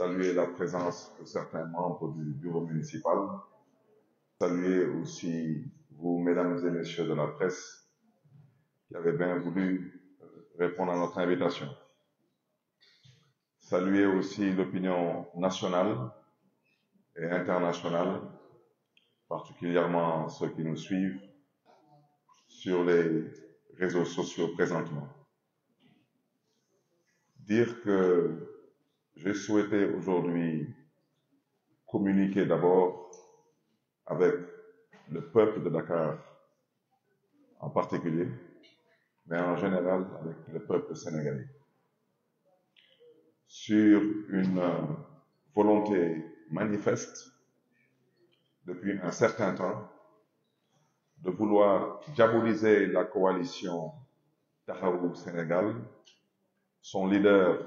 saluer la présence de certains membres du bureau municipal, saluer aussi vous, mesdames et messieurs de la presse, qui avez bien voulu euh, répondre à notre invitation. Saluer aussi l'opinion nationale et internationale, particulièrement ceux qui nous suivent sur les réseaux sociaux présentement. Dire que J'ai souhaité aujourd'hui communiquer d'abord avec le peuple de Dakar en particulier, mais en général avec le peuple sénégalais, sur une volonté manifeste depuis un certain temps de vouloir diaboliser la coalition Tahaou Sénégal, son leader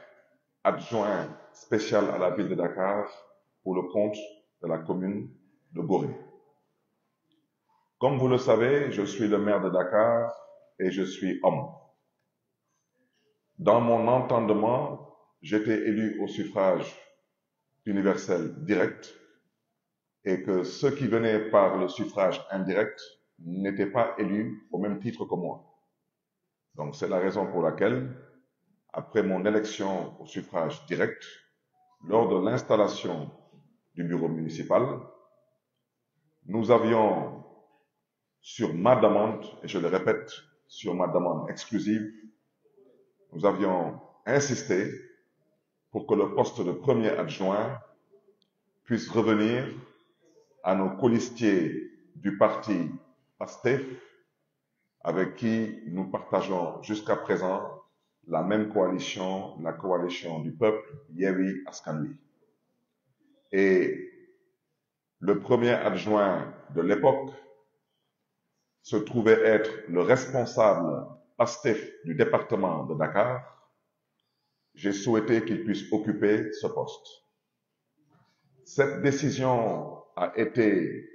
adjoint spécial à la ville de Dakar pour le compte de la commune de Gorée. Comme vous le savez, je suis le maire de Dakar et je suis homme. Dans mon entendement, j'étais élu au suffrage universel direct et que ceux qui venaient par le suffrage indirect n'étaient pas élus au même titre que moi. Donc c'est la raison pour laquelle après mon élection au suffrage direct, lors de l'installation du bureau municipal, nous avions, sur ma demande, et je le répète, sur ma demande exclusive, nous avions insisté pour que le poste de premier adjoint puisse revenir à nos colistiers du parti PASTEF, avec qui nous partageons jusqu'à présent la même coalition la coalition du peuple Yewwi Askan Wi et le premier adjoint de l'époque se trouvait être le responsable Pastef du département de Dakar j'ai souhaité qu'il puisse occuper ce poste cette décision a été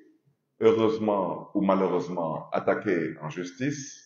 heureusement ou malheureusement attaquée en justice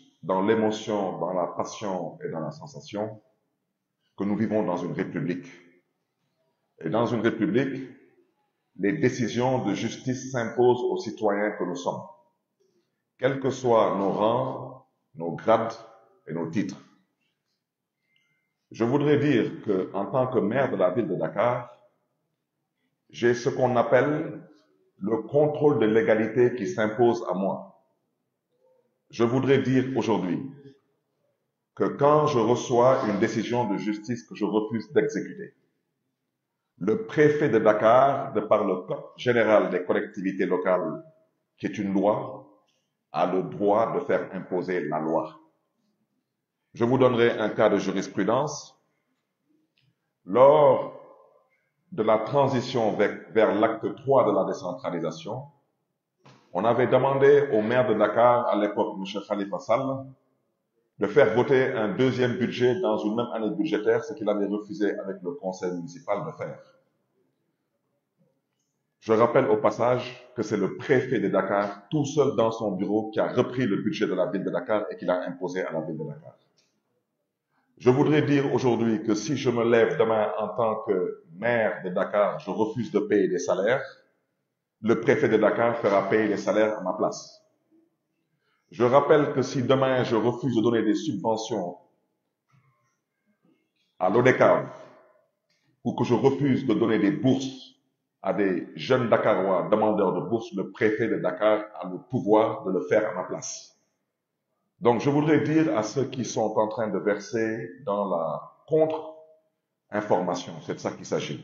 dans l'émotion, dans la passion et dans la sensation que nous vivons dans une république. Et dans une république, les décisions de justice s'imposent aux citoyens que nous sommes, quels que soient nos rangs, nos grades et nos titres. Je voudrais dire que, en tant que maire de la ville de Dakar, j'ai ce qu'on appelle le contrôle de l'égalité qui s'impose à moi. Je voudrais dire aujourd'hui que quand je reçois une décision de justice que je refuse d'exécuter, le préfet de Dakar, de par le Code général des collectivités locales, qui est une loi, a le droit de faire imposer la loi. Je vous donnerai un cas de jurisprudence. Lors de la transition vers, l'acte de la décentralisation, On avait demandé au maire de Dakar, à l'époque, M. Khalifa Sall, de faire voter un deuxième budget dans une même année budgétaire, ce qu'il avait refusé avec le conseil municipal de faire. Je rappelle au passage que c'est le préfet de Dakar, tout seul dans son bureau, qui a repris le budget de la ville de Dakar et qui l'a imposé à la ville de Dakar. Je voudrais dire aujourd'hui que si je me lève demain en tant que maire de Dakar, je refuse de payer des salaires, le préfet de Dakar fera payer les salaires à ma place. Je rappelle que si demain je refuse de donner des subventions à l'ODECAV ou que je refuse de donner des bourses à des jeunes Dakarois demandeurs de bourses, le préfet de Dakar a le pouvoir de le faire à ma place. Donc je voudrais dire à ceux qui sont en train de verser dans la contre-information, c'est de ça qu'il s'agit.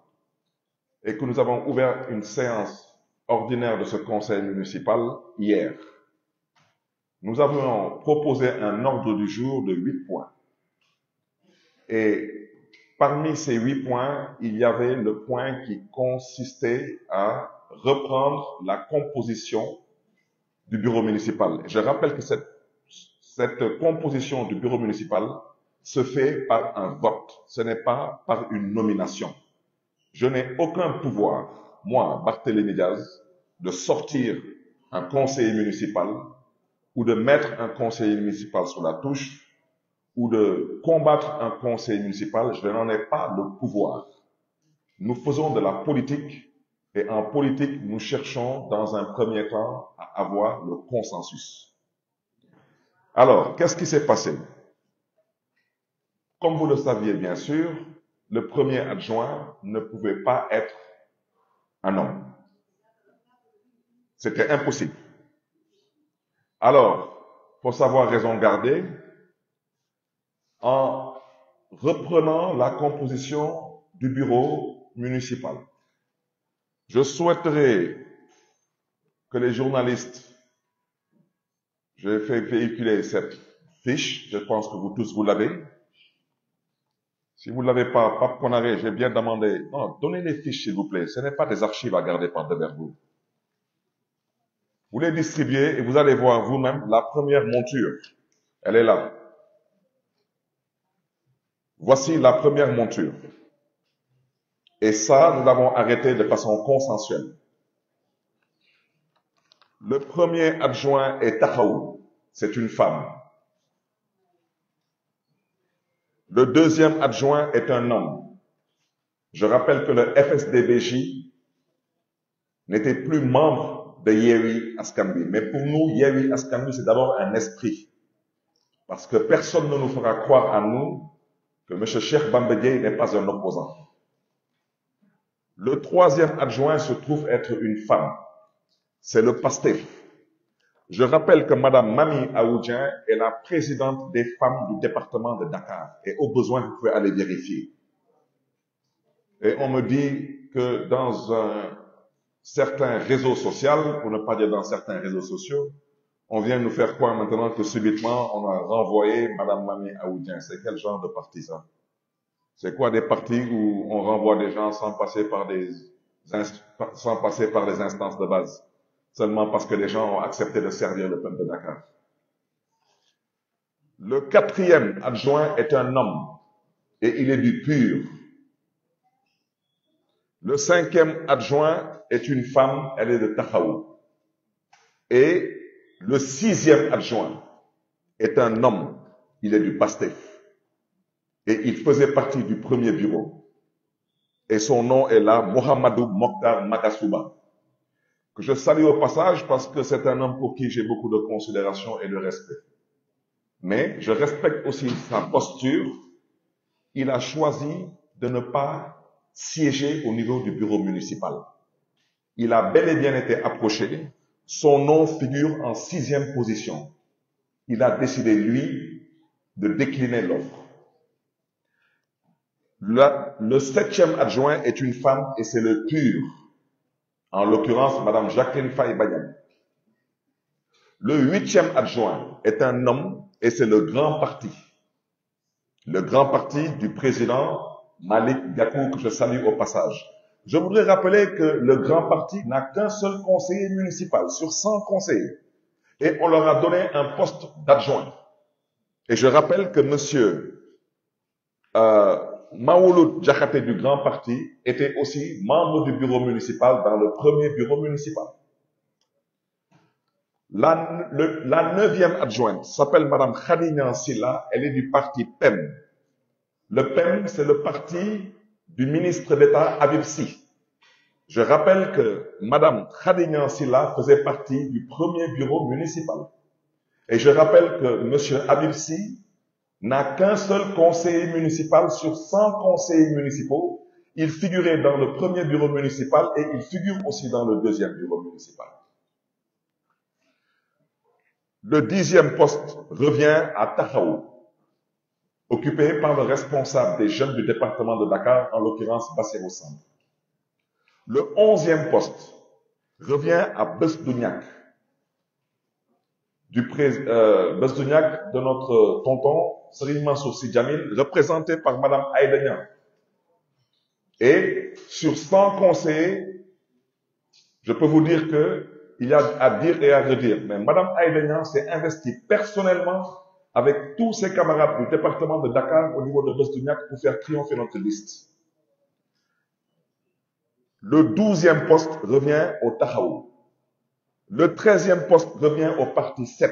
et que nous avons ouvert une séance ordinaire de ce conseil municipal hier. Nous avions proposé un ordre du jour de huit points. Et parmi ces huit points, il y avait le point qui consistait à reprendre la composition du bureau municipal. Je rappelle que cette, cette composition du bureau municipal se fait par un vote, ce n'est pas par une nomination. Je n'ai aucun pouvoir, moi, Barthélémy Diaz, de sortir un conseiller municipal ou de mettre un conseiller municipal sur la touche ou de combattre un conseiller municipal. Je n'en ai pas le pouvoir. Nous faisons de la politique et en politique, nous cherchons dans un premier temps à avoir le consensus. Alors, qu'est-ce qui s'est passé Comme vous le saviez bien sûr, le premier adjoint ne pouvait pas être un homme. C'était impossible. Alors, pour savoir raison garder, en reprenant la composition du bureau municipal, je souhaiterais que les journalistes, j'ai fait véhiculer cette fiche, je pense que vous tous vous l'avez, Si vous ne l'avez pas, Pape Konaré, j'ai bien demandé. Non, donnez les fiches, s'il vous plaît. Ce n'est pas des archives à garder par devers vous. Vous les distribuez et vous allez voir vous-même la première monture. Elle est là. Voici la première monture. Et ça, nous l'avons arrêté de façon consensuelle. Le premier adjoint est Tahaou. C'est une femme. Le deuxième adjoint est un homme. Je rappelle que le FSDBJ n'était plus membre de Yeri Askambi. Mais pour nous, Yeri Askambi, c'est d'abord un esprit. Parce que personne ne nous fera croire à nous que M. Cheikh Bambedie n'est pas un opposant. Le troisième adjoint se trouve être une femme. C'est le pasteur. Je rappelle que Madame Mami Aoudjian est la présidente des femmes du département de Dakar. Et au besoin, vous pouvez aller vérifier. on me dit que dans un certain réseau social, pour ne pas dire dans certains réseaux sociaux, on vient nous faire croire maintenant que subitement, on a renvoyé Madame Mami Aoudjian. C'est quel genre de partisan C'est quoi des partis où on renvoie des gens sans passer par des, sans passer instances de base seulement parce que les gens ont accepté de servir le peuple de Dakar. Le quatrième adjoint est un homme et il est du pur. Le cinquième adjoint est une femme, elle de Tahaou. Et le sixième adjoint est un homme, il est du PASTEF. Et il faisait partie du premier bureau. Et son nom est là, Mohamedou Mokhtar Makasouba. que je salue au passage parce que c'est un homme pour qui j'ai beaucoup de considération et de respect. Mais je respecte aussi sa posture. Il a choisi de ne pas siéger au niveau du bureau municipal. Il a bel et bien été approché. Son nom figure en sixième position. Il a décidé, lui, de décliner l'offre. Le, le septième adjoint est une femme et c'est le pur. en l'occurrence Madame Jacqueline Faye Badiane. Le huitième adjoint est un homme et c'est le grand parti. Le grand parti du président Malik Gakou, que je salue au passage. Je voudrais rappeler que le grand parti n'a qu'un seul conseiller municipal sur 100 conseillers. Et on leur a donné un poste d'adjoint. Et je rappelle que monsieur euh, Maouloud Diakhaté du Grand Parti était aussi membre du bureau municipal dans le premier bureau municipal. La, le, neuvième adjointe s'appelle Madame Khalignan Silla, elle est du parti PEM. Le PEM, c'est le parti du ministre d'État Habib Sy. Je rappelle que Madame Khadignan Silla faisait partie du premier bureau municipal. Et je rappelle que Monsieur Habib n'a qu'un seul conseiller municipal sur 100 conseillers municipaux. Il figurait dans le premier bureau municipal et il figure aussi dans le deuxième bureau municipal. Le dixième poste revient à Tahaou, occupé par le responsable des jeunes du département de Dakar, en l'occurrence Bassero Le onzième poste revient à Besdouniak, du pré euh, de notre tonton Serigne Mansour Sy Djamil, représenté par Madame Aïda Niang. Et sur 100 conseillers, je peux vous dire que y a à dire et à redire. Mais Madame Aïda s'est investie personnellement avec tous ses camarades du département de Dakar au niveau de Bosduniak pour faire triompher notre liste. Le douzième poste revient au Tahaou. Le treizième poste revient au parti 7.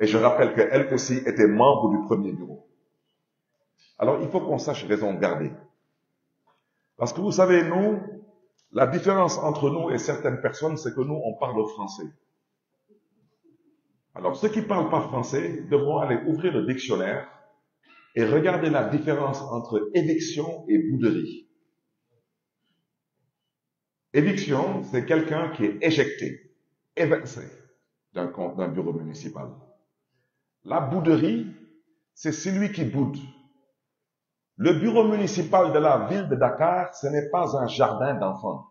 Et je rappelle qu'elle aussi était membre du premier bureau. il faut qu'on sache raison garder. Parce que vous savez, nous, la différence entre nous et certaines personnes, c'est que nous, on parle français. ceux qui parlent pas français devront aller ouvrir le dictionnaire et regarder la différence entre éviction et bouderie. Éviction, c'est quelqu'un qui est éjecté, évincé d'un bureau municipal. La bouderie, c'est celui qui boude. Le bureau municipal de la ville de Dakar, ce n'est pas un jardin d'enfants.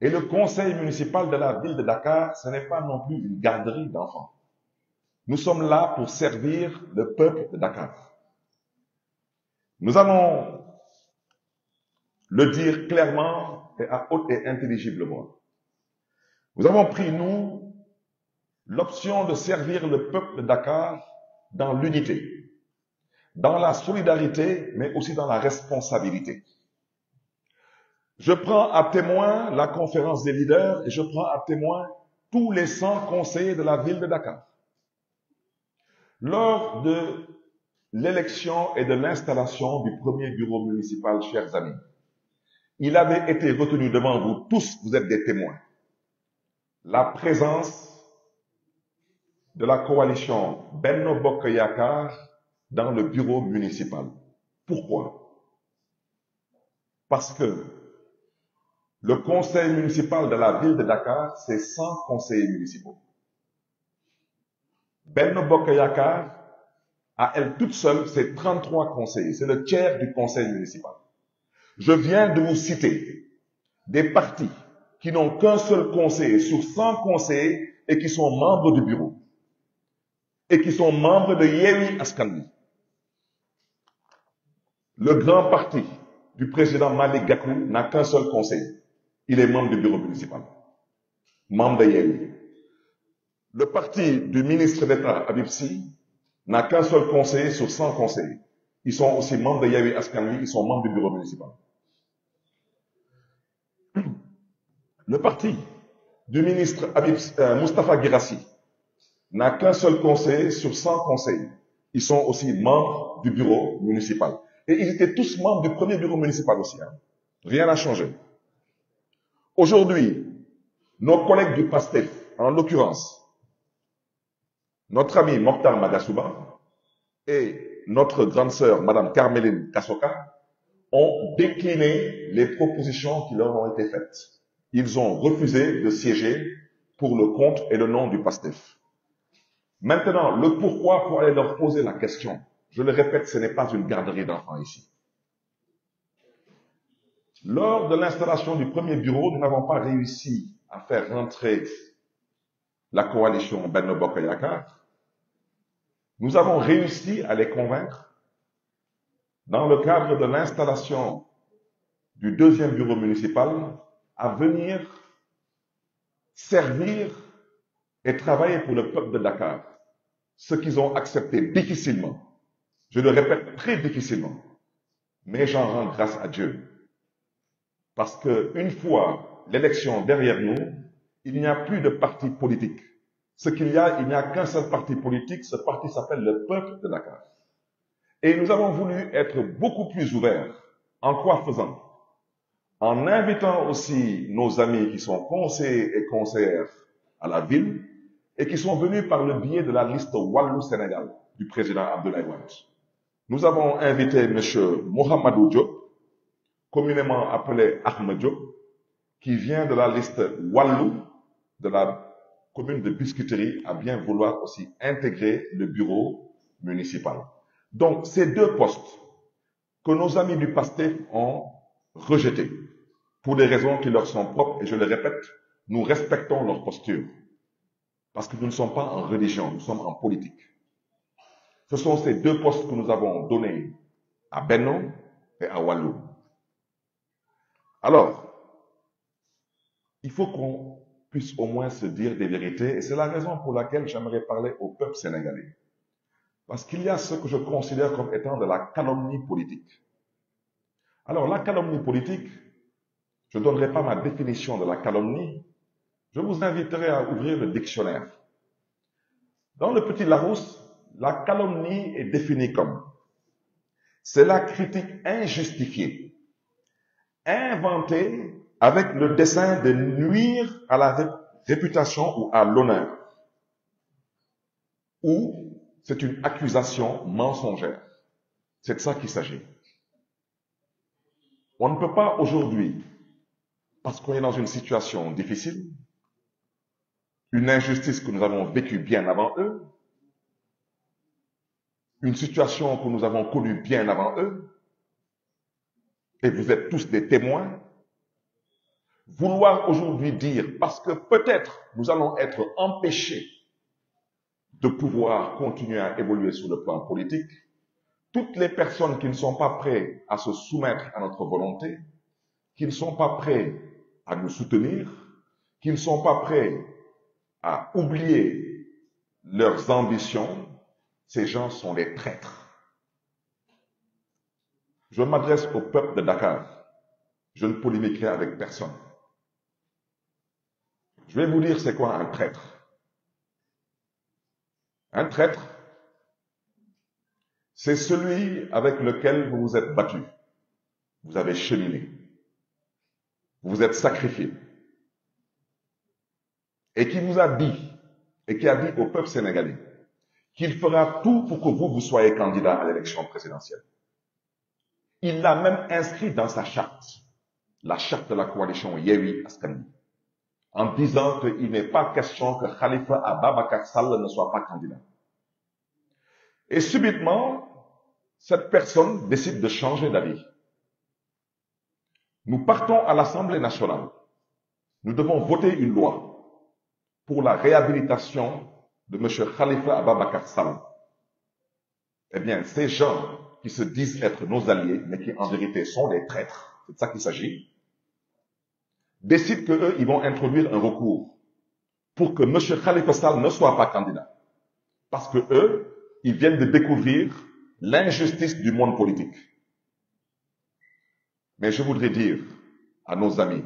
Et le conseil municipal de la ville de Dakar, ce n'est pas non plus une garderie d'enfants. Nous sommes là pour servir le peuple de Dakar. Nous allons le dire clairement à haute et intelligiblement. Nous avons pris, nous, l'option de servir le peuple de Dakar dans l'unité, dans la solidarité, mais aussi dans la responsabilité. Je prends à témoin la conférence des leaders et je prends à témoin tous les 100 conseillers de la ville de Dakar. Lors de l'élection et de l'installation du premier bureau municipal, chers amis, il avait été retenu devant vous tous, vous êtes des témoins, la présence de la coalition Benno Bokk Yakaar dans le bureau municipal. Pourquoi? Parce que le conseil municipal de la de Dakar, c'est 100 conseillers municipaux. Benno Bokk Yakaar, à elle toute seule, c'est 33 conseillers, c'est le tiers du conseil municipal. Je viens des partis qui n'ont qu'un seul conseiller sur 100 conseillers et qui sont membres de Yewwi Askan le grand parti du président Malick Gakou n'a qu'un seul conseil il est membre du bureau municipal membre de Yewwi le parti du ministre d'État Habib n'a qu'un seul conseiller sur 100 ils sont aussi membres de Yewwi Askan Wi ils sont membres du bureau municipal le parti du ministre Habib euh, Moustapha n'a qu'un seul conseiller sur 100 conseils. Ils sont aussi membres du bureau municipal. Et ils étaient tous membres du premier bureau municipal aussi. Rien n'a changé. Aujourd'hui, nos collègues du PASTEF, en l'occurrence, notre ami Mokhtar Magasouba et notre grande sœur, Madame Carmeline Kasoka, ont décliné les propositions qui leur ont été faites. Ils ont refusé de siéger pour le compte et le nom du PASTEF. Maintenant, le pourquoi pour aller leur poser la question. Je le répète, ce n'est pas une garderie d'enfants ici. Lors de l'installation du premier bureau, nous n'avons pas réussi à faire rentrer la coalition Benno Bokayakar. Nous avons réussi à les convaincre dans le cadre de l'installation du deuxième bureau municipal à venir servir et travailler pour le peuple de Dakar, ce qu'ils ont accepté difficilement, je le répète très difficilement, mais j'en rends grâce à Dieu. Parce que une fois l'élection derrière nous, il n'y a plus de parti politique. Ce qu'il y a, il n'y a qu'un seul parti politique, ce parti s'appelle le peuple de Dakar. Et nous avons voulu être beaucoup plus ouverts. En quoi faisant En invitant aussi nos amis qui sont conseillers et conseillères à la ville et qui sont venus par le biais de la liste Wallou Sénégal du président Abdoulaye Wade. Nous avons invité M. Mohamedou Diop, communément appelé Ahmed qui vient de la liste Wallou de la commune de Biscuiterie, à bien vouloir aussi intégrer le bureau municipal. Donc, ces deux postes que nos amis du PASTEF ont rejetés pour des raisons qui leur sont propres, et je le répète, nous respectons leur posture. Parce que nous ne sommes pas en religion, nous sommes en politique. Ce sont ces deux postes que nous avons donnés à Benno et à Wallou. il faut qu'on puisse au moins se dire des vérités et c'est la raison pour laquelle j'aimerais parler au peuple sénégalais. Parce qu'il y a ce que je considère comme étant de la calomnie politique. Alors, la calomnie politique, je ne donnerai pas ma définition de la calomnie, je vous inviterai à ouvrir le dictionnaire. Dans le petit Larousse, la calomnie est définie c'est la critique injustifiée, inventée avec le dessein de nuire à la réputation ou à l'honneur, ou c'est une accusation mensongère. C'est de ça qu'il s'agit. On ne peut pas aujourd'hui, parce qu'on est dans une situation difficile, une injustice que nous avons vécue bien avant eux, une situation que nous avons connue bien avant eux, et vous êtes tous des témoins, vouloir aujourd'hui dire, parce que peut-être nous allons être empêchés de pouvoir continuer à évoluer sur le plan politique, toutes les personnes qui ne sont pas prêtes à se soumettre à notre volonté, qui ne sont pas prêts à nous soutenir, qui ne sont pas prêts à oublier leurs ambitions, ces gens sont des traîtres. Je m'adresse au peuple de Dakar. Je ne polémiquerai avec personne. Je vais vous dire c'est quoi un traître. Un traître, c'est celui avec lequel vous vous êtes battu. Vous avez cheminé. Vous vous êtes sacrifié. et qui vous a dit, et qui a dit au peuple sénégalais, qu'il fera tout pour que vous, vous soyez candidat à l'élection présidentielle. Il l'a même inscrit dans sa charte, la charte de la coalition Yewi Askani, en disant qu'il n'est pas question que Khalifa Ababakar Sall ne soit pas candidat. Et subitement, cette personne décide de changer d'avis. Nous partons à l'Assemblée nationale. Nous devons voter une loi pour la réhabilitation de M. Khalifa Ababakar Sall. Eh bien, ces gens qui se disent être nos alliés, mais qui en vérité sont des traîtres, c'est de qu'il s'agit, décident qu'eux, ils vont introduire un recours pour que M. Khalifa Sall ne soit pas candidat. Parce que eux, viennent de découvrir l'injustice du monde politique. Mais je voudrais dire à nos amis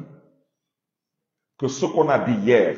que ce qu'on a dit hier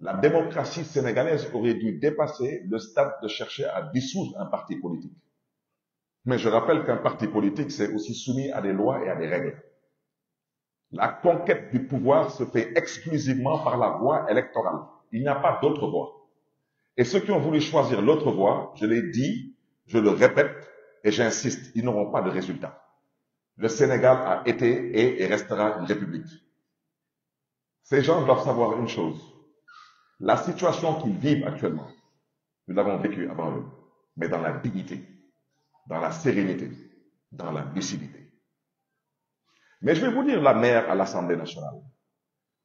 la démocratie sénégalaise aurait dû dépasser le stade de chercher à dissoudre un parti politique. Mais je rappelle qu'un parti politique, c'est aussi soumis à des lois et à des règles. La conquête du pouvoir se fait exclusivement par la voie électorale. Il n'y a pas d'autre voie. Et ceux qui ont voulu choisir l'autre voie, je l'ai dit, je le répète et j'insiste, ils n'auront pas de résultat. Le Sénégal a été et restera une république. Ces gens doivent savoir La situation qu'ils vivent actuellement, nous l'avons vécue avant eux, mais dans la dignité, dans la sérénité, dans la lucidité. Mais je vais vous dire la mère à l'Assemblée nationale.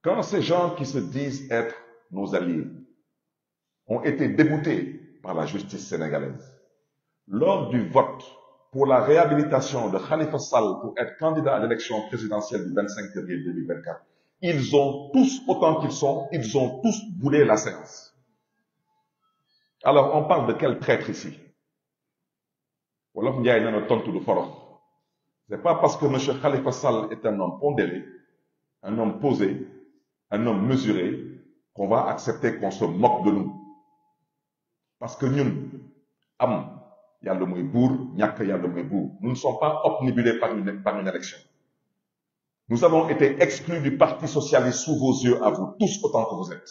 Quand ces gens qui se disent être nos alliés ont été déboutés par la justice sénégalaise, lors du vote pour la réhabilitation de Khalifa Sall pour être candidat à l'élection présidentielle du 25 février 2024, ils ont tous, autant qu'ils sont, ils ont tous boulé la séance. Alors, on parle de quel traître ici Wolof Ndiaye na tontu du forom. C'est pas parce que M. Khalifa Sall est un homme pondéré, un homme posé, un homme mesuré, qu'on va accepter qu'on se moque de nous. Parce que nous, am, yalla moy bour, ñak yalla moy bour. Nous ne sommes pas obnubilés par par une élection. Nous avons été exclus du Parti socialiste sous vos yeux, à vous tous autant que vous êtes,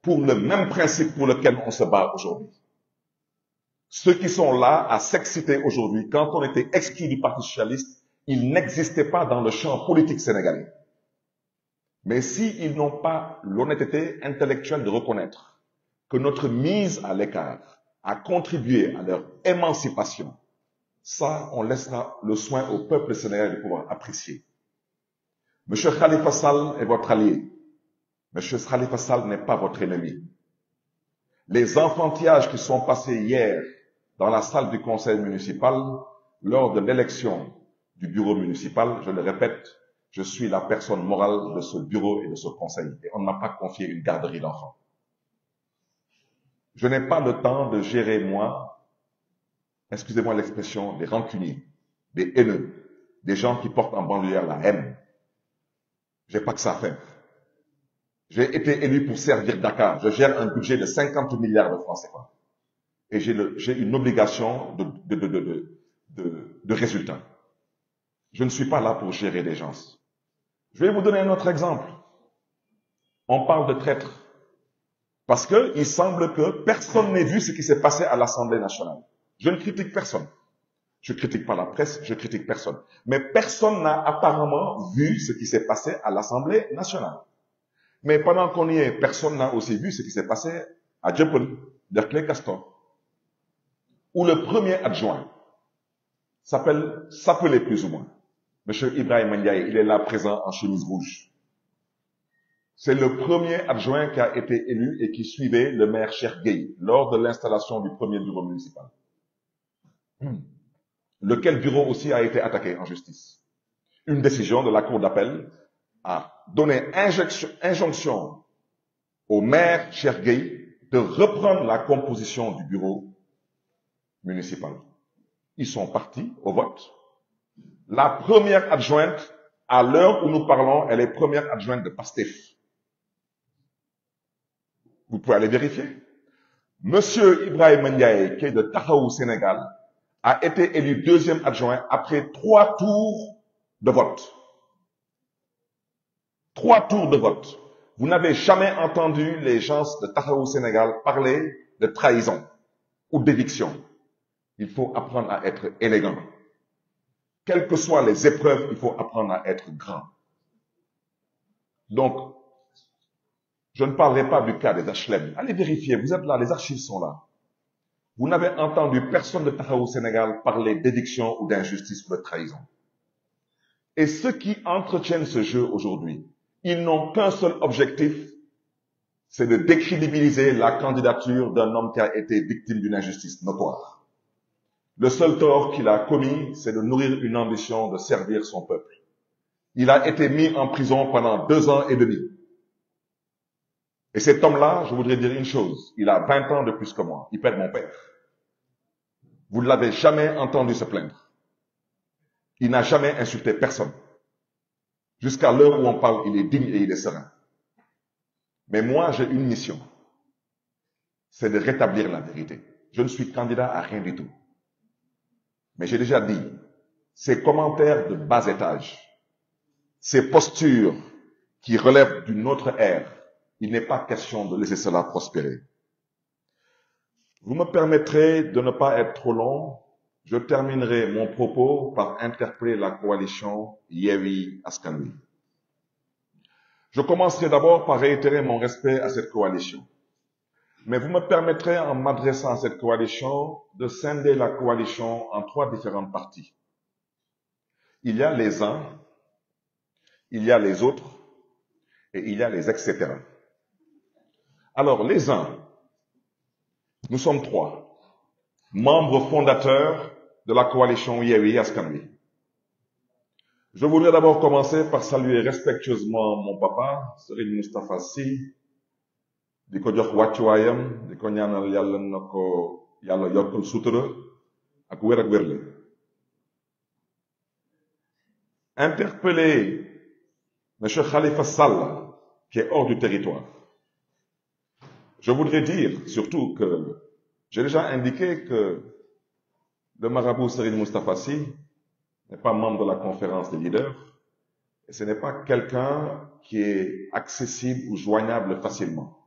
pour le même principe pour lequel on se bat aujourd'hui. Ceux qui sont là à s'exciter aujourd'hui, quand on était exclus du Parti socialiste, ils n'existaient pas dans le champ politique sénégalais. Mais s'ils ils n'ont pas l'honnêteté intellectuelle de reconnaître que notre mise à l'écart a contribué à leur émancipation, ça, on laissera le soin au peuple sénégalais de pouvoir Monsieur Khalifa sal est votre allié. Monsieur Khalifa Sall n'est pas votre ennemi. Les enfantillages qui sont passés hier dans la salle du conseil municipal lors de l'élection du bureau municipal, je le répète, je suis la personne morale de ce bureau et de ce conseil. Et on ne pas confié une garderie d'enfants. Je n'ai pas le temps de gérer, moi, excusez-moi l'expression, des rancuniers, des haineux, des gens qui portent en banlieue la haine. J'ai pas que ça à faire. J'ai été élu pour servir Dakar. Je gère un budget de milliards de francs Et j'ai une obligation de, résultat. Je ne suis pas là pour gérer des gens. Je vais vous donner un autre exemple. On parle de traîtres. Parce que il semble que personne n'ait vu ce qui s'est passé à l'Assemblée nationale. Je ne critique personne. Je critique pas la presse, je critique personne. Mais personne n'a apparemment vu ce qui s'est passé à l'Assemblée nationale. Mais pendant qu'on y est, personne n'a aussi vu ce qui s'est passé à Dieppel, Derkley Castor, où le premier adjoint s'appelle, s'appelait plus ou moins. Monsieur Ibrahim Ndiaye, il est là présent en chemise rouge. C'est le premier adjoint qui a été élu et qui suivait le maire Chergueil lors de l'installation du premier bureau municipal. Hmm. lequel bureau aussi a été attaqué en justice. Une décision de la Cour d'appel a donné injonction au maire Chergueil de reprendre la composition du bureau municipal. Ils sont partis au vote. La première adjointe, à l'heure où nous parlons, elle est première adjointe de PASTEF. Vous pouvez aller vérifier. Monsieur Ibrahim Ndiaye, qui est de Tahaou, Sénégal, a été élu deuxième adjoint après trois tours de vote. Trois tours de vote. Vous n'avez jamais entendu les gens de Taxawu Sénégal parler de trahison ou d'éviction. Il faut apprendre à être élégant. Quelles que soient les épreuves, il faut apprendre à être grand. Donc, je ne parlerai pas du cas des HLM. Allez vérifier, vous êtes là, les archives sont là. vous n'avez entendu personne de Taxawu Sénégal parler d'édiction ou d'injustice ou de trahison. Et ceux qui entretiennent ce jeu aujourd'hui, ils n'ont qu'un seul objectif, c'est de décrédibiliser la candidature d'un homme qui a été victime d'une injustice notoire. Le seul tort qu'il a commis, c'est de nourrir une ambition de servir son peuple. Il a été mis en prison pendant deux ans et demi. Et cet homme-là, je voudrais dire une chose, il a 20 ans de plus que Vous ne l'avez jamais entendu se plaindre. Il n'a jamais insulté personne. Jusqu'à l'heure où on parle, il est digne et il est serein. Mais moi, j'ai une mission. C'est de rétablir la vérité. Je ne suis candidat à rien du tout. Mais j'ai déjà dit, ces commentaires de bas étage, ces postures qui relèvent d'une autre ère, il n'est pas question de laisser cela prospérer. Vous me permettrez de ne pas être trop long. Je terminerai mon propos par interpeller la coalition Yewi Askanui. Je commencerai d'abord par réitérer mon respect à cette coalition. Mais vous me permettrez, en m'adressant à cette coalition, de scinder la coalition en trois différentes parties. Il y a les uns, il y a les autres, et il y a les etc. Alors, les uns, nous sommes trois, membres fondateurs de la coalition Yewi Askanwi. Je voudrais d'abord commencer par saluer respectueusement mon papa, Serigne Moustapha Sy, di ko jox wàccuwaayam di ko ñaanal ko yàlla yokkal sutura ak wér ak wérle interpeller monsieur Khalifa Sall qui est hors du territoire Je voudrais dire surtout que j'ai déjà indiqué que le marabout Serigne Moustapha n'est pas membre de la conférence des leaders et ce n'est pas quelqu'un qui est accessible ou joignable facilement.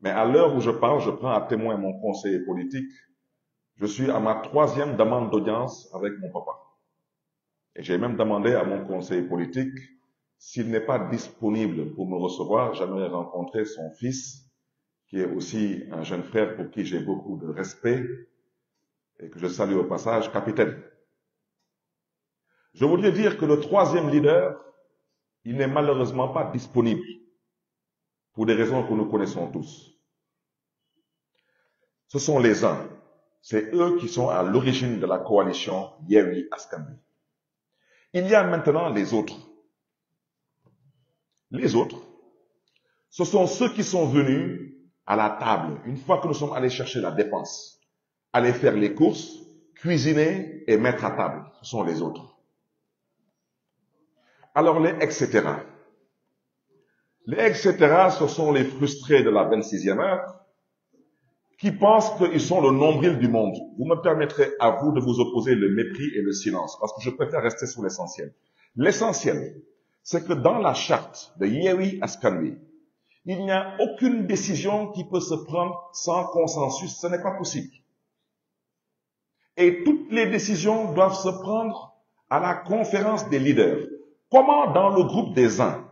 Mais à l'heure où je parle, je prends à témoin mon conseiller politique. Je suis à ma troisième demande d'audience avec mon papa. Et j'ai même demandé à mon conseiller politique s'il n'est pas disponible pour me recevoir, j'aimerais rencontrer son fils qui est aussi un jeune frère pour qui j'ai beaucoup de respect et que je salue au passage, capitaine. Je voudrais dire que le troisième leader, il n'est malheureusement pas disponible pour des raisons que nous connaissons tous. Ce sont les uns, c'est eux qui sont à l'origine de la coalition Yeri Askambi. Il y a maintenant les autres. Les autres, ce sont ceux qui sont venus à la table, une fois que nous sommes allés chercher la dépense, aller faire les courses, cuisiner et mettre à table, ce sont les autres. Alors les etc. Les etc. ce sont les frustrés de la 26e heure qui pensent qu'ils sont le nombril du monde. Vous me permettrez à vous de vous opposer le mépris et le silence, parce que je préfère rester sur l'essentiel. L'essentiel, c'est que dans la charte de Yewi Askanwi, il n'y a aucune décision qui peut se prendre sans consensus. Ce n'est pas possible. Et toutes les décisions doivent se prendre à la conférence des leaders. Comment dans le groupe des uns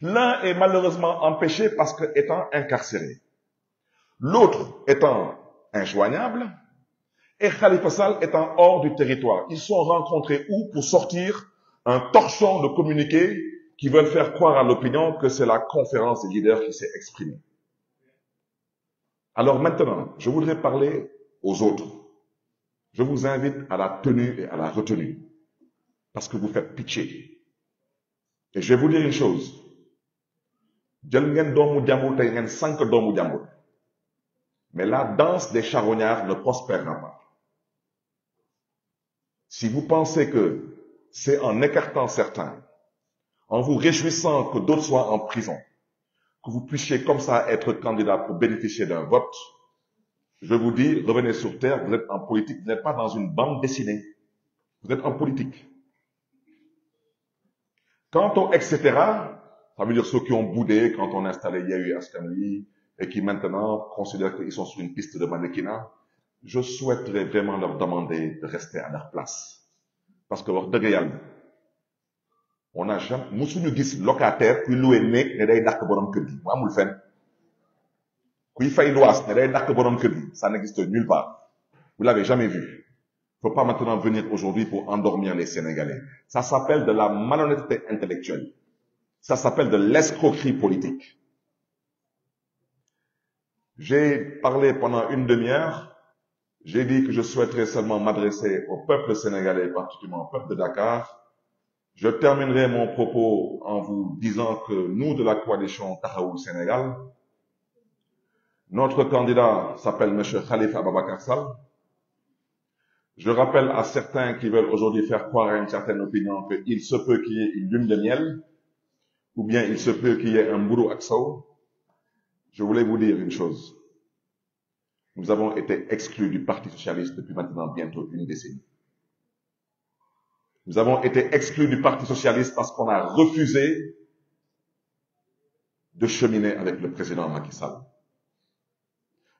L'un est malheureusement empêché parce qu'étant incarcéré. L'autre étant injoignable et Khalifa étant hors du territoire. Ils sont rencontrés où pour sortir un torchon de communiqué qui veulent faire croire à l'opinion que c'est la conférence des leaders qui s'est exprimée. Alors maintenant, je voudrais parler aux autres. Je vous invite à la tenue et à la retenue, parce que vous faites pitié. Et je vais vous dire une chose. jël ngeen doomu jàmbur tey ngeen sànq doomu jàmbur mais la danse des charognards ne prospérera pas. Si vous pensez que c'est en écartant certains en vous réjouissant que d'autres soient en prison, que vous puissiez comme ça être candidat pour bénéficier d'un vote, je vous dis, revenez sur terre, vous êtes en politique, vous n'êtes pas dans une bande dessinée, vous êtes en politique. Quant au etc., ça veut dire ceux qui ont boudé quand on a installé Yahoo Askanui et qui maintenant considèrent qu'ils sont sur une piste de mannequinat, je souhaiterais vraiment leur demander de rester à leur place. Parce que leur on n'a jamais musuñu gis locataire kuy loué néeg ne day dàq borom kër gi mu amul fenn kuy fay luwaas ne day dàq borom kër n'existe nulle part vous l'avez jamais vu faut pas maintenant venir aujourd'hui pour endormir les Sénégalais ça s'appelle de la malhonnêteté intellectuelle ça s'appelle de l'escroquerie politique j'ai parlé pendant une demi-heure j'ai dit que je souhaiterais seulement m'adresser au peuple sénégalais particulièrement au de Dakar Je terminerai mon propos en vous disant que nous, de la coalition Tahaou Sénégal, notre candidat s'appelle M. Khalifa Ababakar Sall. Je rappelle à certains qui veulent aujourd'hui faire croire à une certaine opinion qu'il se peut qu'il y ait une lune de miel, ou bien il se peut qu'il y ait un bourreau axao. Je voulais vous dire une chose. Nous avons été exclus du Parti socialiste depuis maintenant bientôt une décennie. Nous avons été exclus du Parti socialiste parce qu'on a refusé de cheminer avec le président Macky Sall.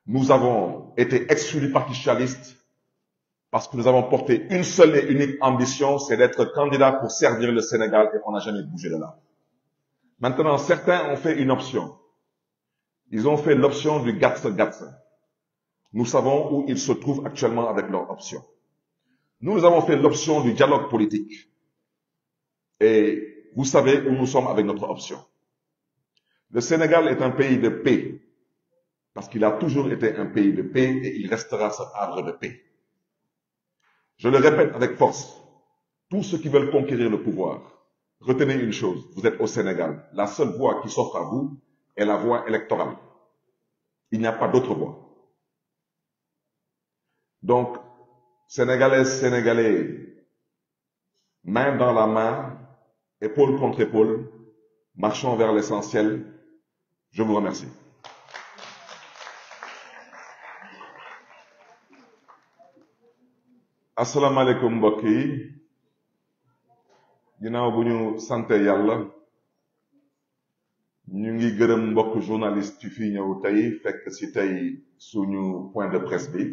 Nous avons été exclus du Parti socialiste parce que nous avons porté une seule et unique ambition, c'est d'être candidat pour servir le Sénégal et on n'a jamais bougé de là. Maintenant, certains ont fait une option. Ils ont fait l'option du GATS-GATS. Nous savons où ils se trouvent actuellement avec leur option. Nous, nous avons fait l'option du dialogue politique. Et vous savez où nous sommes avec notre option. Le Sénégal est un pays de paix, parce qu'il a toujours été un pays de paix et il restera cet arbre de paix. Je le répète avec force, tous ceux qui veulent conquérir le pouvoir, retenez une chose, vous êtes au Sénégal. La seule voie qui s'offre à vous est la voie électorale. Il n'y a pas d'autre voie. Sénégalaises, Sénégalais, main dans la main, épaule contre épaule, marchons vers l'essentiel. Je vous remercie. asalaamaaleykum mbokk yi ginnaaw bu ñu sante yàlla ñu ngi gërëm mbokk journaliste yi fi ñëw tey fekk ci tey suñu point de presse bi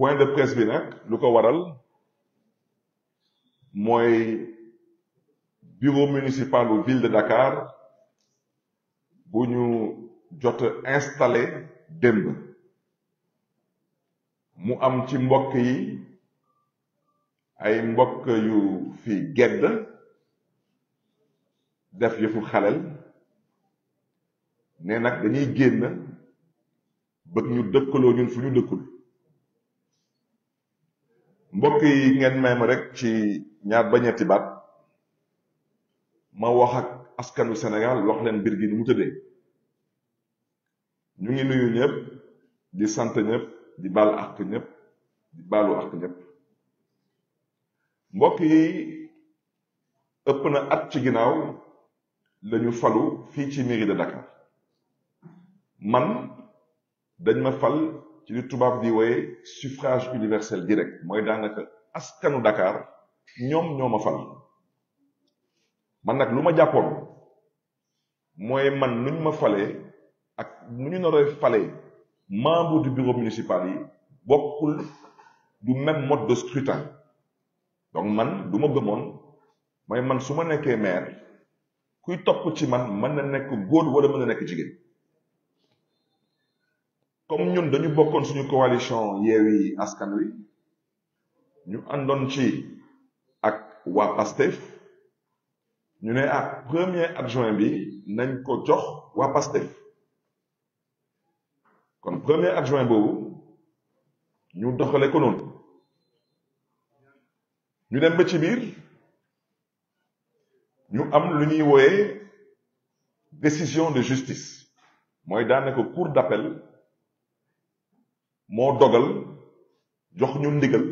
point de presse bi nag lu ko waral mooy bureau municipal bu ville de Dakar bu ñu jot installé démb mu am ci mbokk yi ay mbokk yu fi gedd def yëfu xalel ne nag dañuy génn bëgg ñu dëkkaloo ñun fu ñu dëkkul mbokk yi ngeen may ma rek ci ñaar ba ñetti baat ma wax ak askanu Sénégal wax leen mbir gi ni mu tëddee ñu ngi nuyu ñëpp di sant ñëpp di baal ak ñëpp di baalu ak ñëpp mbokk yi ëpp na at ci ginnaaw lañu falu fii ci mairie de man dañ ma fal ci li tubaab di wooye suffrage universel rek mooy daanaka askanu Dakar ñoom ñoo ma fal man nag lu ma jàppoon mooy man nuñ ma falee ak nu ñu naree falee membre du bureau municipal yi bokkul du même mode de scrutin donc man du ma gëmoon mooy man su ma nekkee maire kuy topp ci man mën na nekk góor wala mën na nekk jigéen. comme ñun dañu bokkoon suñu coalition Yewwi Askan Wi ñu àndoon ci ak waa ñu ne ah premier adjoint bi nañ ko jox waa PASTEF kon premier adjoint boobu ñu doxale ko ñu dem ba ci biir ñu am lu ñuy wooyee décision de justice mooy daanaka cour d'appel moo dogal jox ñu ndigal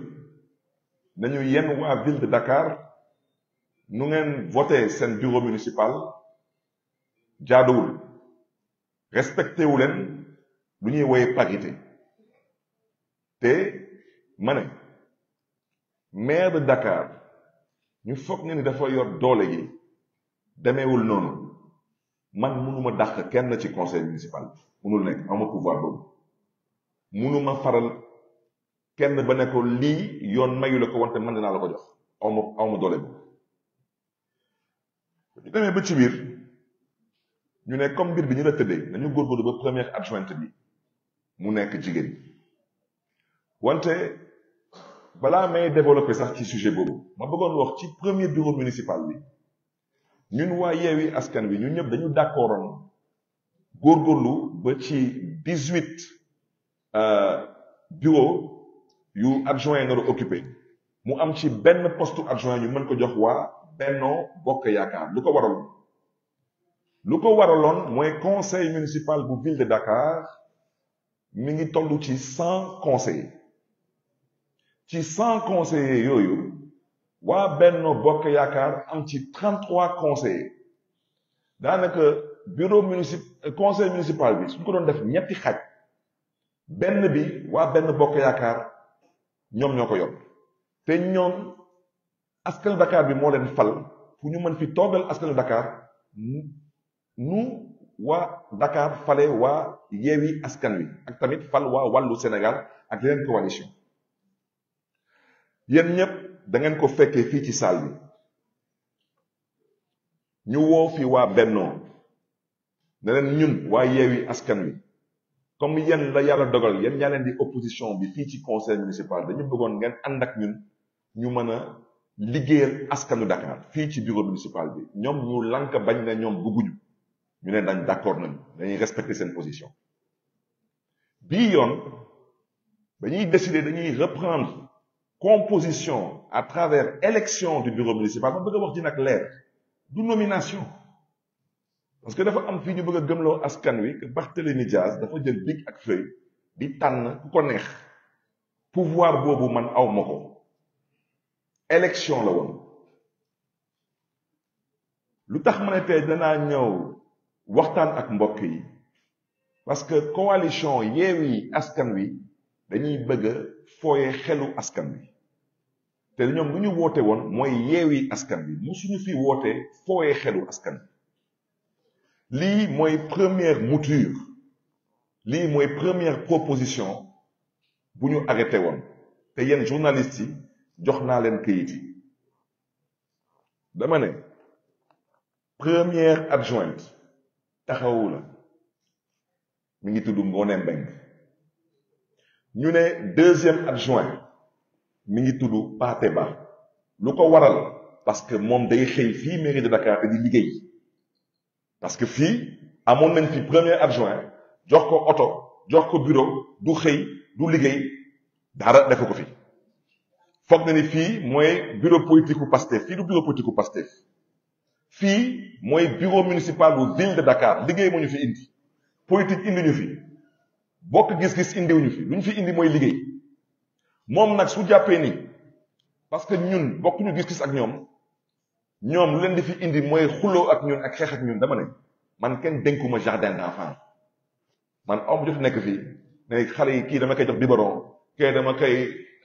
nañu yenn waa ville de Dakar nu ngeen voté seen bureau municipal jaaduwul respecté wu leen lu ñuy woye parité te ma ne maire de Dakar ñu foog ne ni dafa yor doole gi demeewul noonu man mënuma dàq kenn ci conseil municipal mënul nekk ama pouvoir boobu munuma faral kenn ba ne ko lii yoon mayu la ko wante mën dinaa la ko jox aw ma doole boobu ñu demee ba ci biir ñu ne comme mbir bi ñu la tëddee nañu góorgóorlu ba première adjointe bi mu nekk jigéen wante balaa may développé sax ci sujet boobu ma bëggoon wax ci premier bureau municipal bi ñun waa Yewwi Askan Wi ñu ñëpp dañu d'accordoon góorgóorlu ba ci dix Euh, bureau yu adjoint nar a occupé mu am ci benn postu adjoint yu mën ko jox waa bennoo Bokk Yaakaar lu ko waraloon lu ko waraloon mooy conseil municipal bu ville de Dakar mi ngi toll ci cent conseillers ci cent conseillers yooyu waa Benno Bokk Yaakaar am ci trente-trois conseillers daanaka bureau municipal conseil municipal bi suñ ko doon def ñetti xaj benn bi waa benn bokk yaakaar ñoom ñoo ko yor te ñoom askanu dakaar bi moo leen fal pour ñu mën fi toogal askanu Dakar nu waa Dakar fale waa Yewwi Askan Wi ak tamit fal waa wàllu Sénégal ak yeneen coalition yéen ñëpp da ko fekkee fii ci salle bi ñu woo fi waa Bennoo ne leen ñun waa Yewwi Askan Wi comme yéen la yàlla dogal yéen ñaa leen di opposition bi fii ci conseil municipal dañu bëggoon ngeen ànd ak ñun ñu mën a liggéeyal askanu dakaar fii ci bureau municipal bi ñoom ñu lank bañ na ñoom bëgguñu ñu ne dañ d'accord nañu dañuy respecter seen position bii yoon dañuy décider dañuy reprendre composition à travers élection du bureau municipal ma bëgg a wax ji nag leer du nomination parce que dafa am fii ñu bëgg a gëmloo askan wi que Barthélémy Dias dafa jël bic ak feuille di tànn ku ko neex pouvoir boobu man aw ma ko élection la woon lu tax ma ne tey danaa ñëw waxtaan ak mbokk yi parce que coalition Yewwi Askan Wi dañuy bëgg a fooye xelu askan wi te ñoom lu ñu woote woon mooy Yewwi Askan Wi mu suñu fi wootee fooye xelu askan lii mooy première mouture lii mooy première proposition bu ñu arrêté woon te yenn journalistes yi jox naa leen kayit yi dama ne première adjointe taxawu la mi ngi tudd Ngoné Mbengue ñu ne deuxième adjoint mi ngi tudd Paté Ba lu ko waral parce que moom day xëy fii mairie de te di liggéey parce que fii amoon nañ fi premier adjoint jox ko oto jox ko bureau du xëy du liggéey dara def ko fi foog na ni fii mooy bureau politique u Pastef fii du bureau politique u Pastef fii mooy bureau municipal bu ville de Dakar liggéey moo fi indi politique indi ñu fi bokk gis-gis indiwuñu fi lu ñu fi indi mooy liggéey moom nag su jàppee ni parce que ñun bokkuñu gis-gis ak ñoom ñoom lu leen di fi indi mooy xuloo ak ñun ak xeex ak ñun dama ne man kenn dénkuma jardin d'enfant man am jot nekk fii ne xale yi kii dama koy jox biberon kii dama koy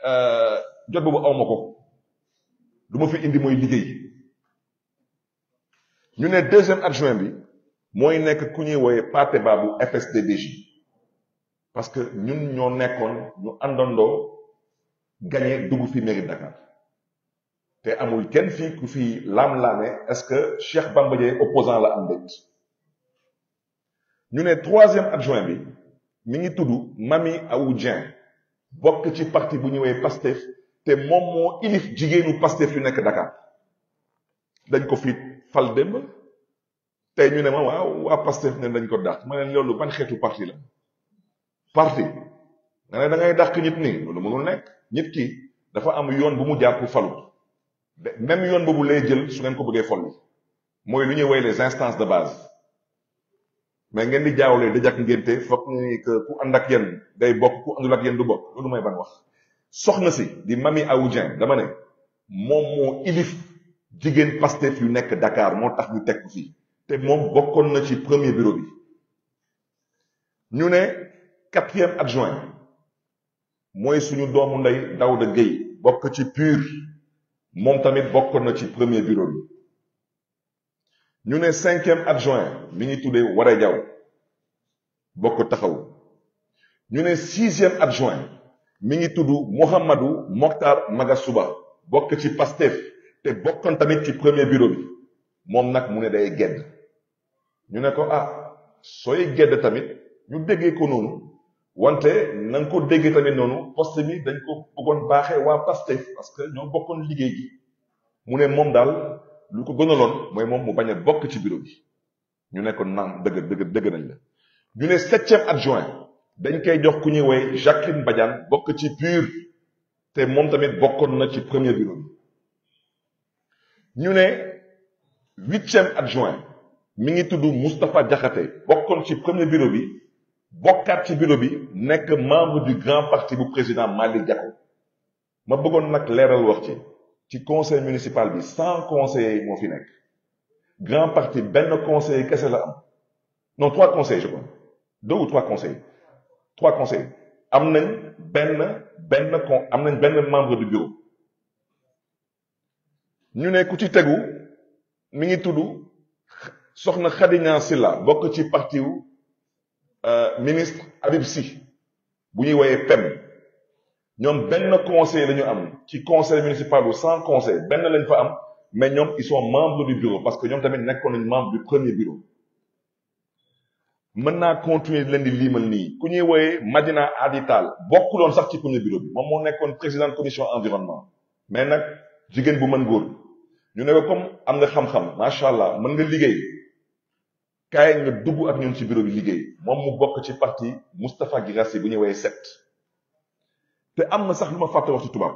euh, jot boobu awma ko lu ma fi indi mooy liggéey ñu ne deuxième adjoint bi mooy nekk ku ñuy wooye Pathé Ba bu FSD/BJ parce que ñun ñoo nekkoon ñu àndandoo gagné dugg fi mairie Dakar te amul kenn fii ku fi laam-laame est-ce que Cheikh Bamba Dièye opposant la am déet ñu ne troisième adjoint bi mi ngi tudd Mami Awu Dieng bokk ci parti bu ñëwee Pastef te moom moo ilif jigéenu Pastef yu nekk Dakar dañ ko fii fal démb te ñu ne ma waaw waa Pastef ne dañ ko dàq ma ne loolu ban xeetu parti la parti nga ne da ngay dàq nit nii loolu mënul nekk nit ki dafa am yoon bu mu jàpp falu même yoon boobu lay jël su ngeen ko bëggee folli mooy lu ñuy woy les instances de base mais ngeen di jaawlee dëj ak ngénte foog ni kër ku ànd ak yéen day bokk ku àndul ak yéen du bokk loolu mooy ban wax soxna si di Mamy Awa Dieng dama ne moom moo ilif jigéen Pastef yu nekk dakaar moo tax ñu teg fii te moom bokkoon na ci premier bureau bi ñu ne quatrième adjoint mooy suñu doomu ndey da Gueye bokk ci PUR moom tamit bokkoon na ci premier bureau bi ñu ne cinquième adjoint mi ngi tuddee Wara Jaw bokk taxaw ñu ne sixième adjoint mi ngi tudd Mouhamadou Mokhtar Magasuba bokk ci Pastef te bokkoon tamit ci premier biro bi moom nag mu ne day gedd ñu ne ko ah sooy gedd tamit ñu déggee ko noonu wante nan nga ko dégg tamit noonu poste bi dañ ko bëggoon baaxee waa Pastef parce que ñoo bokkoon liggéey gi mu ne moom daal lu ko gënaloon mooy moom mu bañ bokk ci bureau bi ñu ne ko naam dëgg nañ la ñu ne septième adjoint dañ koy jox ku ñuy woy Jacqueline Badiane bokk ci PUR te moom tamit bokkoon na ci premier bureau bi ñu ne huitième adjoint mi ngi tudd Moustapha Diakhaté bokkoon ci premier bureau bi bokkaat ci bureau bi nekk membre du grand parti bu président Malick Gakou ma bëggoon nag leeral wax ci ci conseil municipal bi cent conseillers moo fi nekk grand parti benn conseiller kese la am non trois conseillers je crois deux trois conseillers trois conseillers am nañ benn benn con am nañ benn membre du bureau ñu ne ku ci tegu mi ngi tudd soxna Khady Niang Sylla bokk ci parti Euh, ministre Habib Sy bu ñuy woyee PEM ñoom benn conseil la ñu am ci conseil municipal bu sans conseil benn lañ fa am mais ñoom ils sont membres du bureau parce que ñoom tamit nekkoon nañ membre du premier bureau mën naa continuer leen di liimal nii ku ñuy woyee Madina Adi bokk loon sax ci premier bureau bi moom moo nekkoon président commission environnement mais nag jigéen bu mën góor ñu ne comme am nga xam-xam macha allah mën nga liggéey. kaay nga dugg ak ñun ci bureau bi liggéey moom mu bokk ci parti Moustapha Guirassy bu ñu woowee te am na sax lu ma fàtte wax ci tubaab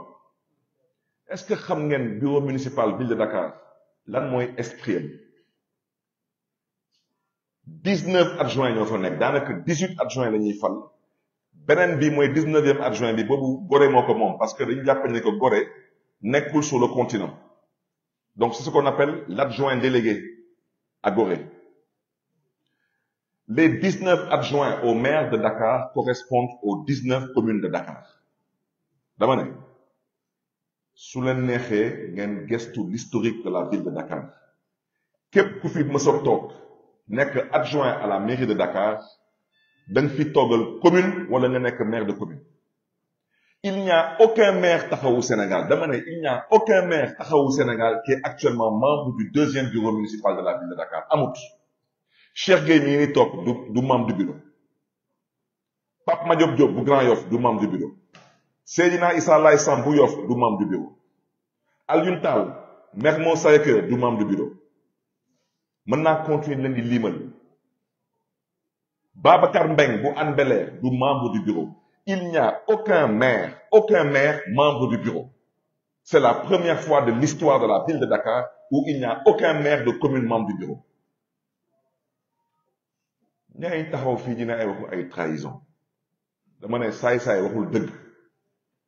est-ce que xam ngeen bureau municipal ville de Dakar lan mooy esprit am dix-neuf adjoints ñoo fa nekk daanaka dix-huit adjoints la ñuy fal beneen bi mooy dix-neuvième adjoint bi boobu Gorée moo ko moom parce que dañu jàpp ne ko Gorée nekkul sur le continent donc c'est ce qu'on appelle l'adjoint délégué à Gorée Les 19 adjoints au maire de Dakar correspondent aux 19 communes de Dakar dama ne su leen neexee ngeen gestu l'historique de la ville de Dakar képp ku fi mësa toog nekk adjoint à la mairie de Dakar da fi toogal commune wala nga nekk maire de commune il n'y a aucun maire taxawu Sénégal dama ne il n'y a aucun maire taxawu Sénégal qui est actuellement membre du deuxième bureau municipal de la ville de Dakar amut Cheikh Gueye mi ngi toog du du membre du bureau Pape Madiop Diop bu Grand Yoff du membre du bureau Seydina Issa Laye bu Yoff du membre du bureau Alioune Tall Mermoz du membre du bureau mën naa continuer leen di liimal Babacar Mbeng bu Hann bel du membre du bureau il n'y a aucun maire aucun maire membre du bureau c'est la première fois de l'histoire de la ville de Dakar où il n'y a aucun maire de commune membre du bureau ñaay taxaw fii dina ay waxu ay trahison dama ne saay-saay waxul dëgg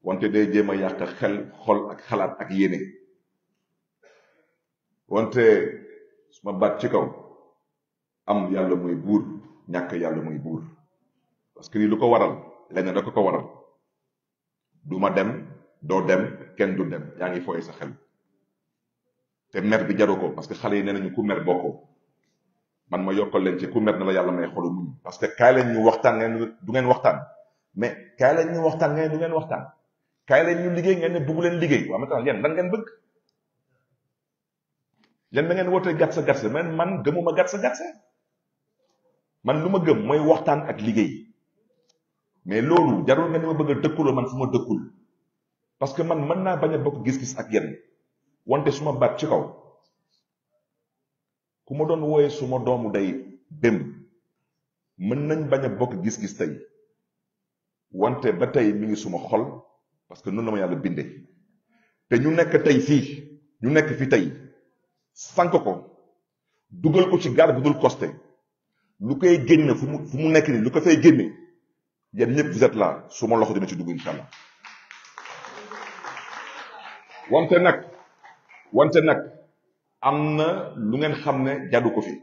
wante day jéem a yàq xel xol ak xalaat ak yéene wante su ma baat ci kaw am yàlla mooy buur ñàkk yàlla mooy buur parce que lii lu ko waral lenn da ko ko waral du ma dem doo dem kenn du dem yaa ngi fooye sa xel te mer bi jaru ko parce que xale yi nee nañu ku mer bokkoo man ma yokkal leen ci ku mer na la yàlla may xolu muñ parce que kaay leen ñu waxtaan ngeen du ngeen waxtaan mais kaay leen ñu waxtaan ngeen du ngeen waxtaan kaay leen liggéey ngeen ne bëggu leen liggéey waaw maintenant yéen lan ngeen bëgg yéen da ngeen wootee gàtt sa gàtt sa man man gëmuma gàtt sa gàtt man lu ma gëm mooy waxtaan ak liggéey mais loolu jarul nga ne ma bëgg a dëkkuloo man fu ma dëkkul parce que man mën naa bañ a bokk gis-gis ak yéen wante su ma baat ci kaw. ku ma doon wooye suma doomu day bém mën nañ bañ a bokk gis-gis tey wante ba tey mi ngi suma xol parce que noonu la ma yàlla binde te ñu nekk tey fii ñu nekk fi tey sànq ko dugal ko ci gaal bu dul costé lu koy génne fu mu fu mu nekk nii lu ko fay génne yéen ñëpp vous laa suma loxo dina ci dugg incha allah wante nag wante nag am na lu ngeen xam ne jadu ko fi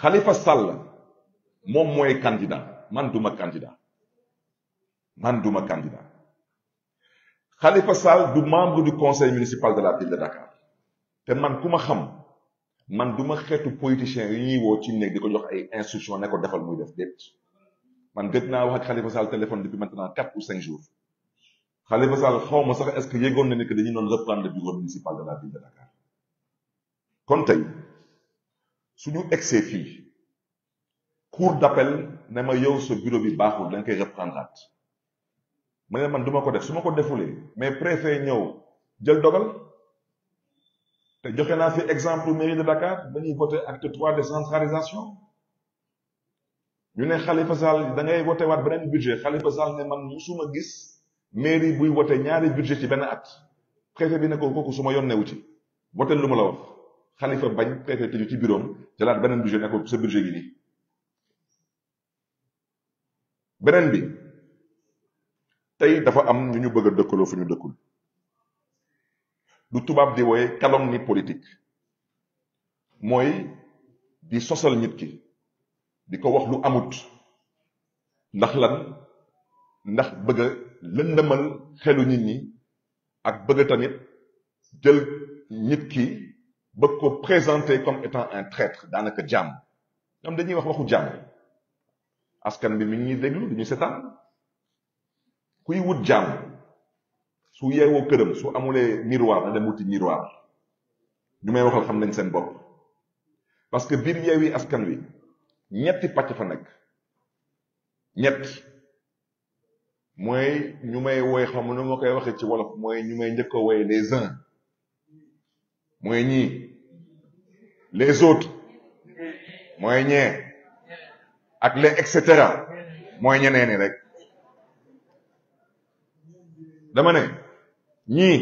Khalifa Sall moom mooy candidat man duma candidat man duma candidat Khalifa Sall du membre du conseil municipal de la ville de Dakar te man ku ma xam man duma xeetu politicien yi ñuy woo ci néeg di ko jox ay instruction ne ko defal muy def déet man gëj naa wax ak Khalifa Sall téléphone depuis maintenant quatre ou cinq jours Khalifa Sall xaw ma sax est-ce yégoon na nekk que dañuy doon reprendre le bureau municipal de la de Dakar kon tey suñu egsee fii cour d'appel ne ma yow sa bureau bi baaxul dañ koy reprendre ma ne man duma ko def su ma ko defulee mais préfet ñëw jël dogal te joxe naa fi exemple mairie de Dakar ba ñuy voté acte trois décentralisation ñu ne Khalifa Sall da ngay waat beneen budget Khalifa Sall ne man musuma gis mairie buy voté ñaari budget ci benn at préfet bi ne ko kooku su ma yónneewu ci voté lu ma la wax. xalifa bañ préfet tëju ci bureau am jëlaat beneen budget ne sa budget gi nii beneen bi tey dafa am ñu ñu bëgg a dëkkaloo fu ñu dëkkul lu tubaab di wooye calomnie politique mooy di sosal nit ki di ko wax lu amut ndax lan ndax bëgg a lëndëmal xelu nit ñi ak bëgg tamit jël ñit ki bëgg ko présenté comme étant un traître daanaka jàmm ñoom dañuy wax waxu jàmm askan bi mu ngi ñuy déglu du ñu setaan kuy wut jàmm su yeewoo këram su amulee miroir na dem wuti miroir ñu may waxal xam nañ seen bopp parce que biir yeewi askan wi ñetti pàcc fa nekk ñett mooy ñu may woy xam nu moo koy waxee ci wolof mooy ñu may njëkk a woy les mooy ñii les autres mooy ñee ak les et cetera mooy ñeneen ñi rek dama ne ñii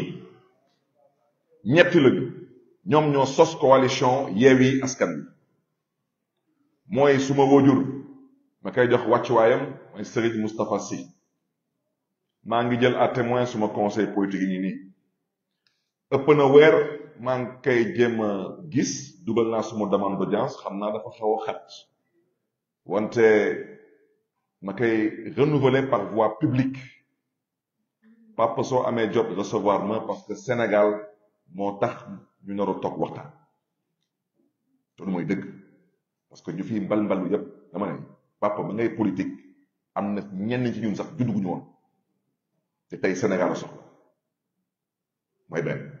ñetti lañu ñoom ñoo sos coalition Yewwi Askan Wi mooy suma wajur ma koy jox wàccuwaayam mooy Serigne Moustapha Sy maa ngi jël à témoin suma conseil politique yi nii ëpp na weer maa ngi koy a gis dugal naa suma demande d'audience xam naa dafa xaw a xat wante ma koy renouveler par voie publique papa soo amee jot recevoir parce que Sénégal moo tax ñu nar a toog waxtaan loolu mooy dëgg parce que ñu fi mbal mbalu yépp dama ne papa ma ngay politique am na ñenn ci ñun sax juddu gu ñu woon te tey Sénégal a soxla mooy benn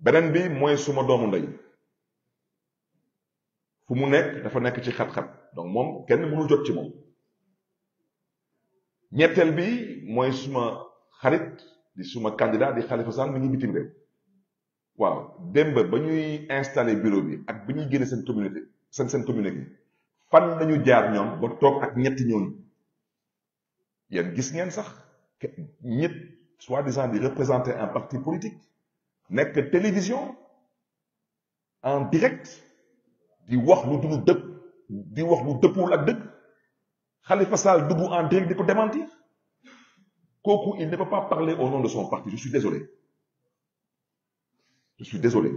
beneen bi mooy suma doomu ndey fu mu nekk dafa nekk ci xat-xat donc moom kenn mënu jot ci moom ñetteel bi mooy suma xarit di suma candidat di Khalifa Sall mi ngi bitim réew waaw démb ba ñuy installé bureau bi ak bi ñuy génne seen communauté seen seen communauté fan lañu jaar ñoom ba toog ak ñetti ñooñu yéen gis ngeen sax ñett soi-disant di représenter un parti politique nekk télévision en direct di wax lu dul dëpp di wax lu dëppul ak dëgg Khalifa Sall dugg en direct di ko démentir kooku il ne peut pas parler au nom de son parti je suis désolé je suis désolé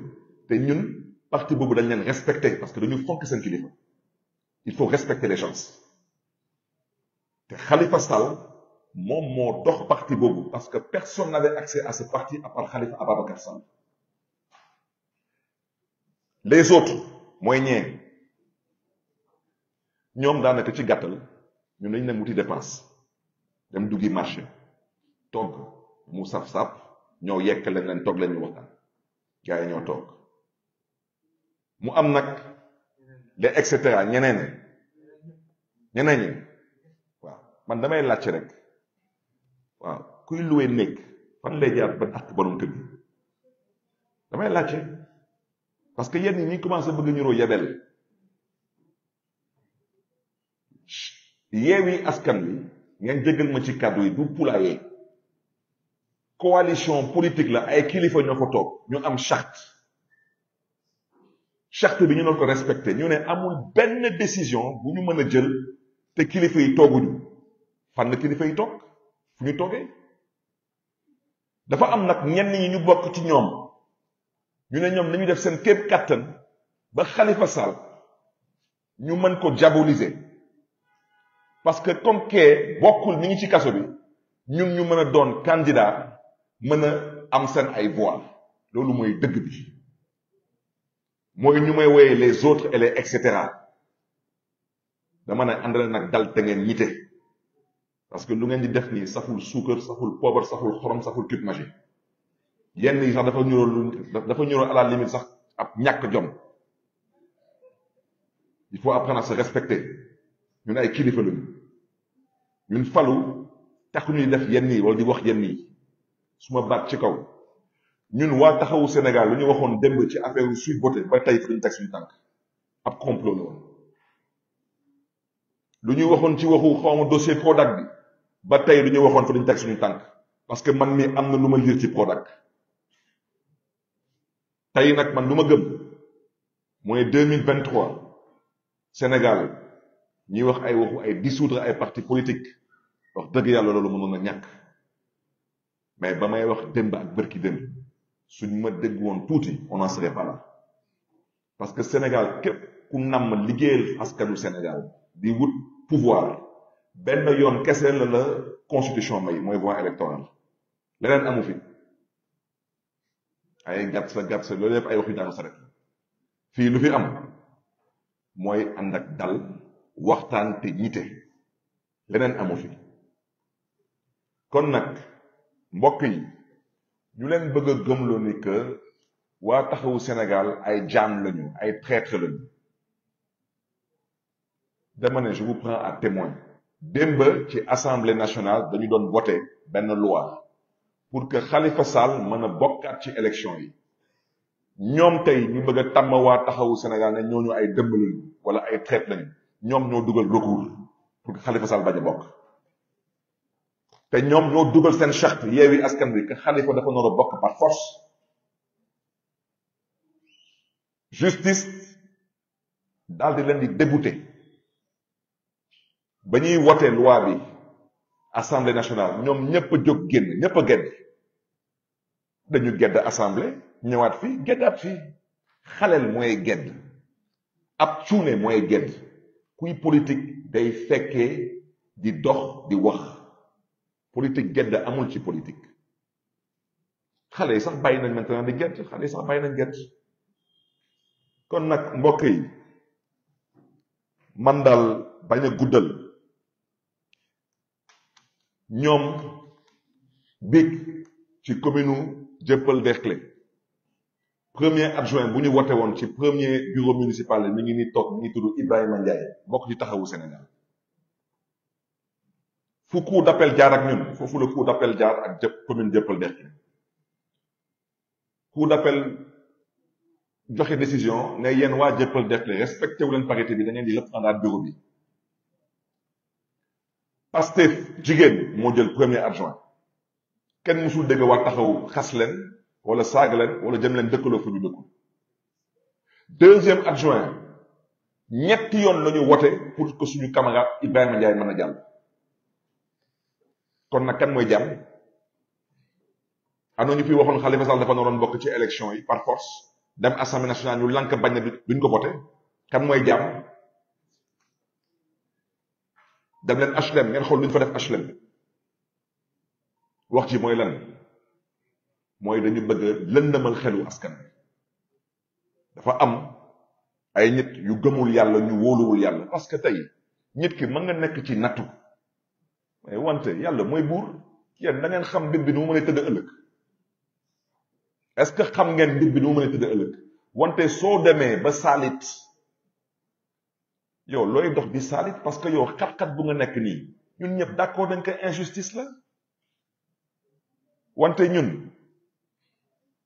te ñun parti boobu dañ leen respecter parce que dañu fonk seen kilifa il faut respecter les chances te Khalifa Sall moom moo dox parti boobu parce que personne n'avait accès à ce parti à part Khalifa Ababacar Sall les autres mooy ñee ñoom daanaka ci gàttal ñun dañu dem wuti dépense dem duggi marché togg mu saf-saf ñoo yekk leen leen toog leen ñu waxtaan gars yi ñoo toog mu am nag les et cetera ñeneen ñeneen ñi waaw man damay laajte rek waaw kuy luwe néeg fan lay jaar ba àtt borom kër gi damay laajte parce que yenn ñi ñu commencé bëgg ñuroo yabel yeewi askan wi ngeen jéggal ma ci kàddu yi du pulaayee coalition politique la ay kilifa ñoo ko toog ñu am charte charte bi ñu doon ko respecté ñu ne amul benn décision bu ñu mën a jël te kilifa yi tooguñu fan la kilifa yi toog ñu toogee dafa am nag ñenn ñi ñu bokk ci ñoom ñu ne ñoom nañu def seen képp kàttan ba Khalifa Sall ñu mën ko diaboliser parce que comme kee bokkul mi ngi ci kaso bi ñun ñu mën a doon candidat mën a am seen ay voix loolu mooy dëgg bi mooy ñu may woyee les autres et les et cetera dama ne àndal nag dal te ngeen ñite parce que lu ngeen di def nii saful suukar saful poobar saful xorom saful cube magique yenn yi sax dafa ñuróo dafa ñuróo à la limite sax ab ñàkk jom il faut apprendre à se respecter ñun ay kilifa lañu ñun falu taxu ñuy def yenn yi wala di wax yenn yi suma baat ci kaw ñun waa taxawu Sénégal lu ñu waxoon démb ci affaire Sweet Beauté ba tey fi ñu teg suñu ab complot lu ñu waxoon ci waxu xawma dossier Prodac bi ba tey lu ñu waxoon fa dañu teg suñu tànk parce que man mi am na lu ma liir ci Prodac tey nag man lu ma gëm mooy deux mille vingt trois Sénégal ñuy wax ay waxu ay dissoudre ay parti politique wax dëgg yàlla loolu mënoon na ñàkk mais ba may wax démb ak bërki démb suñ ma dégg woon tuuti on n'en serait parce que Sénégal képp ku namm liggéeyal askanu Sénégal di wut pouvoir benn yoon kese la la constitution may mooy voie électorale leneen amu fi ay gàtt sa gàtt sa loolu yëpp ay wax yu daanu fii lu fi am mooy ànd ak dal waxtaan te jiite leneen amu fi kon nag mbokk yi ñu leen bëgg a gëmloo ni que waa taxawu Sénégal ay jaan lañu ay traître lañu dama ne je vous prends à témoin démb ci assemblée nationale dañu doon voté benn loi pour que xalifa Sall mën a bokkaat ci élection yi ñoom tey ñu bëgg a tàmm waa taxawu Sénégal ne ñooñu ay dëmb lañu wala ay traite lañu ñoom ñoo dugal recours pour que Khalifa Sall bañ a bokk te ñoom ñoo dugal seen charte yeewi askan bi que Khalifa dafa nar a bokk par force justice daal di leen di débouté ba ñuy wote loi bi assemblée nationale ñoom ñëpp a jóg génn ñëpp a gedd dañu gedd assemblée ñëwaat fi geddaat fi xaleel mooy gedd ab cuune mooy gedd kuy politique day fekkee di dox di wax politique gedd amul ci politique xale yi sax bàyyi nañ maintenant di gedd xale yi sax bàyyi nañ gedd kon nag mbokk yi man daal bañ a guddal ñoom bég ci commune Dieuppeul Derklé premier adjoint bu ñu wote woon ci premier bureau municipal mi ngi ni toog mi ngi tudd Ibrahima Ndiaye bokk ci taxawu Sénégal fu coup d'appel jaar ak ñun foofu la coup d'appel jaar ak jëpp commune Dieuppeul Derklé coup d'appel joxe décision ne yenn waa Dieuppeul Derklé respecté wu leen parité bi da ngeen di lëpp àndaat bureau bi Pastef jigéen moo jël premier adjoint kenn mësul dégg waa taxaw xas leen wala saaga leen wala jëm leen dëkkaloo fa ñu dëkkul deuxième adjoint ñetti yoon la ñu wote pour que suñu camarade Ibrahima Ndiaye mën a jàll kon nag kan mooy jàmm am na ñu fi waxoon Khalifa Sall dafa naroon bokk ci élection yi par force dem assemblée nationale ñu lank bañ na duñ ko voté kan mooy jàmm dem leen HLM ngeen xool lu ñu fa def HLM wax ji mooy lan mooy dañu bëgg lëndëmal xelu askan dafa am ay nit yu gëmul yàlla ñu wóoluwul yàlla parce que tey nit ki mën nga nekk ci nattu mais wante yàlla mooy buur yéen da xam mbir bi nu mu mën a est-ce que xam ngeen bi nu mu tëdd ëllëg wante soo demee ba saalit yow looy dox di saalit parce que yow xat-xat bu nga nekk nii ñun ñëpp d'accord nañ ko injustice la wante ñun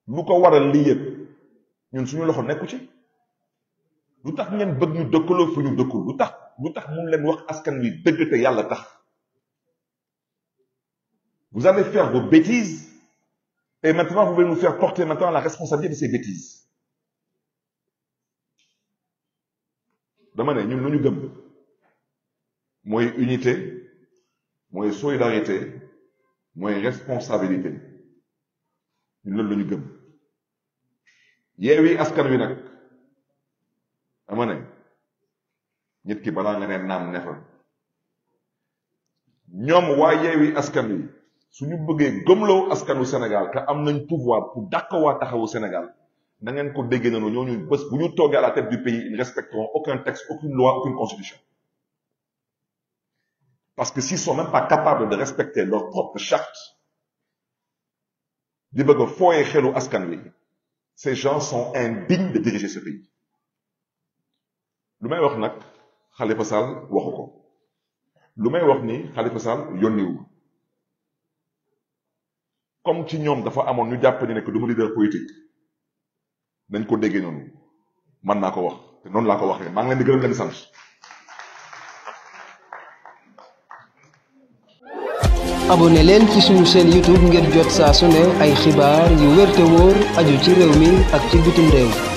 lu ko waral lii yëpp ñun suñu loxo nekku ci lu tax ngeen bëgg ñu dëkkaloo fu ñu dëkkul lu tax lu tax mun leen wax askan wi dëgg te yàlla tax vous allez faire vos bêtises et maintenant vous voulez nous faire porter maintenant la responsabilité de ces bêtises dama ne ñun lu ñu gëm mooy unité mooy solidarité mooy responsabilité ñun loolu la ñu gëm yeewi askan wi nag dama ne nit ki balaa nga ne naam ne fa ñoom waa yeewi askan wi suñu bëggee gëmloo askanu Sénégal ka am nañ pouvoir pour dàq waa taxawu Sénégal na ngeen ko déggee noonu ñooñu bés bu ñu toogee à la tête du pays ils ne respecteront aucun texte aucune loi aucune constitution parce que s'ils sont même pas capables de respecter leur propre charte di bëgg a fooyee xelu askan wi ces gens sont indignes de diriger ce pays lu may wax nag Khalifa Sall lu may wax ni Khalifa Sall yónniwu comme ci ñoom dafa amoon ñu jàpp ni nekk du ma leader politique nañ ko déggee noonu man naa ko wax te noonu laa ko waxee maa nga leen di gërëm leen sant. abonné leen ci suñu chaîne youtube ngir jot saa su ay xibaar yu wér te aju ci réew mi ak ci bitim réew.